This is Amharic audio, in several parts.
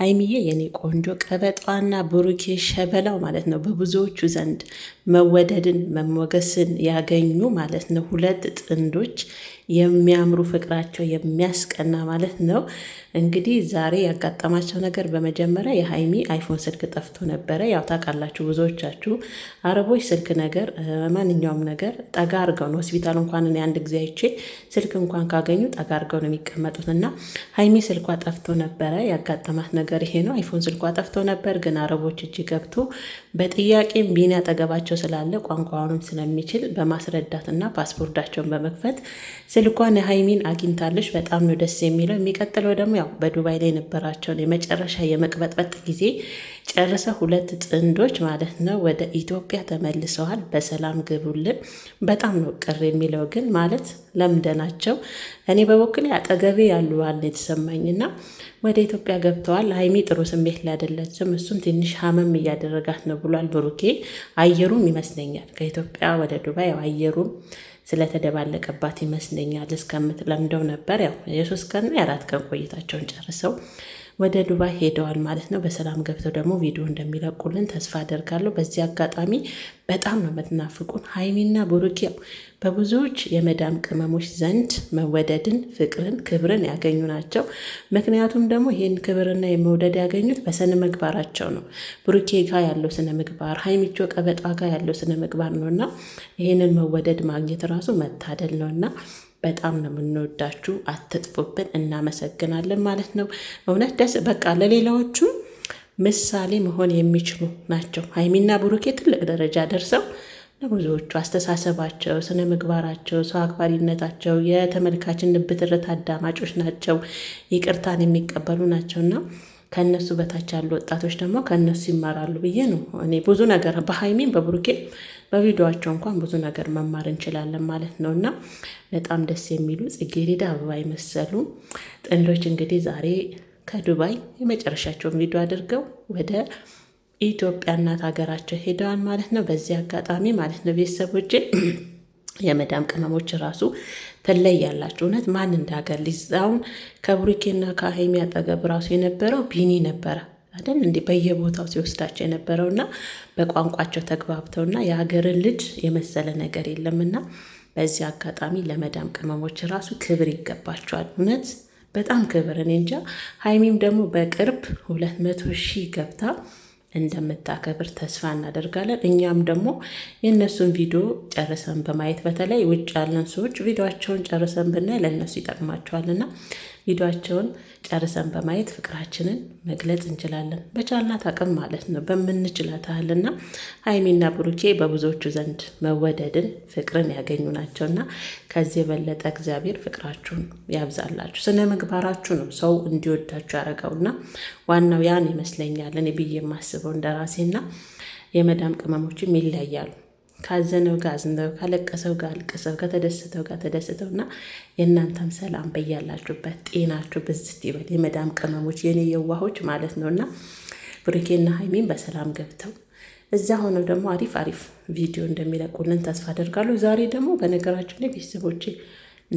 ሀይሚዬ የኔ ቆንጆ ቀበጧና ብሩኬ ሸበላው ማለት ነው። በብዙዎቹ ዘንድ መወደድን መሞገስን ያገኙ ማለት ነው። ሁለት ጥንዶች የሚያምሩ ፍቅራቸው የሚያስቀና ማለት ነው። እንግዲህ ዛሬ ያጋጠማቸው ነገር በመጀመሪያ የሀይሚ አይፎን ስልክ ጠፍቶ ነበረ። ያው ታውቃላችሁ ብዙዎቻችሁ አረቦች ስልክ ነገር ማንኛውም ነገር ጠጋ አርገው ነው ሆስፒታል እንኳን እኔ አንድ ጊዜ አይቼ ስልክ እንኳን ካገኙ ጠጋ አርገው ነው የሚቀመጡት እና ሀይሚ ስልኳ ጠፍቶ ነበረ ያጋጠማት ነገር ነገር ይሄ ነው። አይፎን ስልኳ ጠፍቶ ነበር፣ ግን አረቦች እጅ ገብቶ በጥያቄም ቢኒ አጠገባቸው ስላለ ቋንቋውንም ስለሚችል በማስረዳትና ፓስፖርታቸውን በመክፈት ስልኳን የሀይሚን አግኝታለች። በጣም ነው ደስ የሚለው። የሚቀጥለው ደግሞ ያው በዱባይ ላይ የነበራቸውን የመጨረሻ የመቅበጥበጥ ጊዜ ጨርሰ ሁለት ጥንዶች ማለት ነው ወደ ኢትዮጵያ ተመልሰዋል። በሰላም ግቡልን። በጣም ነው ቅር የሚለው ግን ማለት ለምደናቸው። እኔ በበኩሌ አጠገቤ ያሉ ዋል የተሰማኝና ወደ ኢትዮጵያ ገብተዋል። ሀይሚ ጥሩ ስሜት ላይ አይደለችም። እሱም ትንሽ ሀመም እያደረጋት ነው ብሏል ብሩኬ። አየሩም ይመስለኛል ከኢትዮጵያ ወደ ዱባይ ያው አየሩም ስለተደባለቀባት ይመስለኛል እስከምትለምደው ነበር። ያው የሶስት ቀንና የአራት ቀን ቆይታቸውን ጨርሰው ወደ ዱባይ ሄደዋል ማለት ነው። በሰላም ገብተው ደግሞ ቪዲዮ እንደሚለቁልን ተስፋ አደርጋለሁ። በዚህ አጋጣሚ በጣም ነው የምትናፍቁን ሀይሚና ብሩኬ በብዙዎች የመዳም ቅመሞች ዘንድ መወደድን፣ ፍቅርን፣ ክብርን ያገኙ ናቸው። ምክንያቱም ደግሞ ይህን ክብርና የመውደድ ያገኙት በስነ ምግባራቸው ነው። ብሩኬ ጋ ያለው ስነ ምግባር፣ ሀይሚቾ ቀበጣ ጋ ያለው ስነ ምግባር ነው እና ይህንን መወደድ ማግኘት ራሱ መታደል ነው እና በጣም ነው የምንወዳችሁ። አትጥፉብን፣ እናመሰግናለን ማለት ነው። እውነት ደስ በቃ ለሌላዎቹ ምሳሌ መሆን የሚችሉ ናቸው። ሀይሚና ብሩኬ ትልቅ ደረጃ ደርሰው ለብዙዎቹ አስተሳሰባቸው፣ ስነ ምግባራቸው፣ ሰው አክባሪነታቸው የተመልካችን ብትርት አዳማጮች ናቸው፣ ይቅርታን የሚቀበሉ ናቸውና ከእነሱ በታች ያሉ ወጣቶች ደግሞ ከእነሱ ይማራሉ ብዬ ነው። እኔ ብዙ ነገር በሀይሚን በብሩኬ በቪዲዮቸው እንኳን ብዙ ነገር መማር እንችላለን ማለት ነው እና በጣም ደስ የሚሉ ጽጌሬዳ አበባ የመሰሉ ጥንዶች እንግዲህ ዛሬ ከዱባይ የመጨረሻቸውን ቪዲዮ አድርገው ወደ ኢትዮጵያ እናት ሀገራቸው ሄደዋል ማለት ነው። በዚህ አጋጣሚ ማለት ነው ቤተሰቦቼ የመዳም ቅመሞች ራሱ ትለያላችሁ። እውነት ማን እንዳገር ሊዛውን ከብሩኬና ከሀይሚ አጠገብ ራሱ የነበረው ቢኒ ነበረ አይደል እንዲህ በየቦታው ሲወስዳቸው የነበረውና በቋንቋቸው ተግባብተው እና የሀገርን ልጅ የመሰለ ነገር የለምና በዚህ አጋጣሚ ለመዳም ቅመሞች ራሱ ክብር ይገባቸዋል። እውነት በጣም ክብር። እኔ እንጃ ሀይሚም ደግሞ በቅርብ ሁለት መቶ ሺህ ገብታ እንደምታከብር ተስፋ እናደርጋለን። እኛም ደግሞ የእነሱን ቪዲዮ ጨርሰን በማየት በተለይ ውጭ ያለን ሰዎች ቪዲዮቸውን ጨርሰን ብናይ ለእነሱ ይጠቅማቸዋልና ቪዲዮአቸውን ጨርሰን በማየት ፍቅራችንን መግለጽ እንችላለን። በቻልናት አቅም ማለት ነው፣ በምንችላት ያህል እና ሀይሚና ብሩኬ በብዙዎቹ ዘንድ መወደድን ፍቅርን ያገኙ ናቸው እና ከዚህ የበለጠ እግዚአብሔር ፍቅራችሁን ያብዛላችሁ። ስነ ምግባራችሁ ነው ሰው እንዲወዳችሁ ያደረገው እና ዋናው ያን ይመስለኛል እኔ ብዬ የማስበው እንደራሴና የመዳም ቅመሞችም ይለያሉ። ካዘነው ጋር አዝነው፣ ካለቀሰው ጋር አልቅሰው፣ ከተደሰተው ጋር ተደስተው እና የእናንተም ሰላም በያላችሁበት ጤናችሁ ብዝት ይበል። የመዳም ቅመሞች የኔ የዋሆች ማለት ነው እና ብሩኬና ሀይሚን በሰላም ገብተው እዛ ሆነው ደግሞ አሪፍ አሪፍ ቪዲዮ እንደሚለቁልን ተስፋ አደርጋለሁ። ዛሬ ደግሞ በነገራችን ላይ ቤተሰቦቼ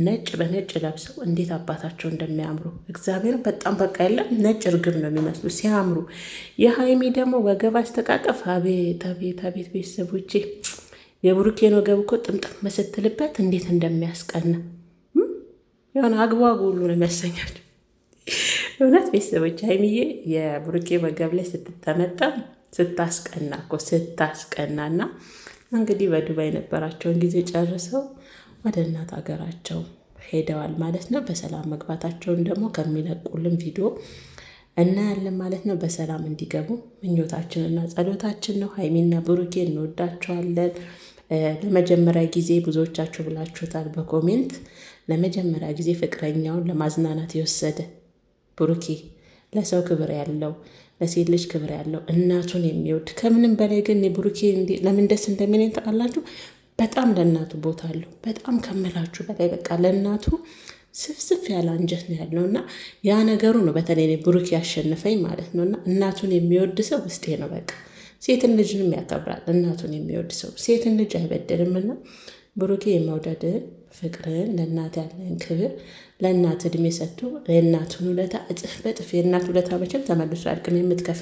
ነጭ በነጭ ለብሰው እንዴት አባታቸው እንደሚያምሩ እግዚአብሔር በጣም በቃ የለም ነጭ እርግብ ነው የሚመስሉ ሲያምሩ። የሀይሚ ደግሞ ወገብ አስተቃቀፍ አቤት አቤት አቤት ቤተሰቦቼ የብሩኬን ወገብ እኮ ጥምጥም ስትልበት እንዴት እንደሚያስቀና የሆነ አግባቡ ሁሉ ነው የሚያሰኛል። እውነት ቤተሰቦች ሀይሚዬ የብሩኬ ወገብ ላይ ስትጠመጠም ስታስቀና እኮ ስታስቀና እና እንግዲህ በዱባይ የነበራቸውን ጊዜ ጨርሰው ወደ እናት ሀገራቸው ሄደዋል ማለት ነው። በሰላም መግባታቸውን ደግሞ ከሚለቁልን ቪዲዮ እናያለን ማለት ነው። በሰላም እንዲገቡ ምኞታችንና ጸሎታችን ነው። ሀይሚና ብሩኬ እንወዳቸዋለን። ለመጀመሪያ ጊዜ ብዙዎቻችሁ ብላችሁታል በኮሜንት ለመጀመሪያ ጊዜ ፍቅረኛውን ለማዝናናት የወሰደ ብሩኬ ለሰው ክብር ያለው ለሴት ልጅ ክብር ያለው እናቱን የሚወድ ከምንም በላይ ግን ብሩኬ ለምን ደስ እንደሚለኝ ታውቃላችሁ? በጣም ለእናቱ ቦታ አለው። በጣም ከምላችሁ በላይ በቃ ለእናቱ ስፍስፍ ያለ አንጀት ነው ያለው እና ያ ነገሩ ነው በተለይ ብሩኬ ያሸንፈኝ ማለት ነው እና እናቱን የሚወድ ሰው ውስጤ ነው በቃ ሴትን ልጅንም ያከብራል። እናቱን የሚወድ ሰው ሴትን ልጅ አይበድልም። አይበድልምና ብሩኬ የመውደድህን ፍቅርን ለእናት ያለን ክብር ለእናት እድሜ ሰጥቶ የእናቱን ውለታ እጥፍ በጥፍ የእናት ውለታ መቼም ተመልሶ አያልቅም የምትከፍል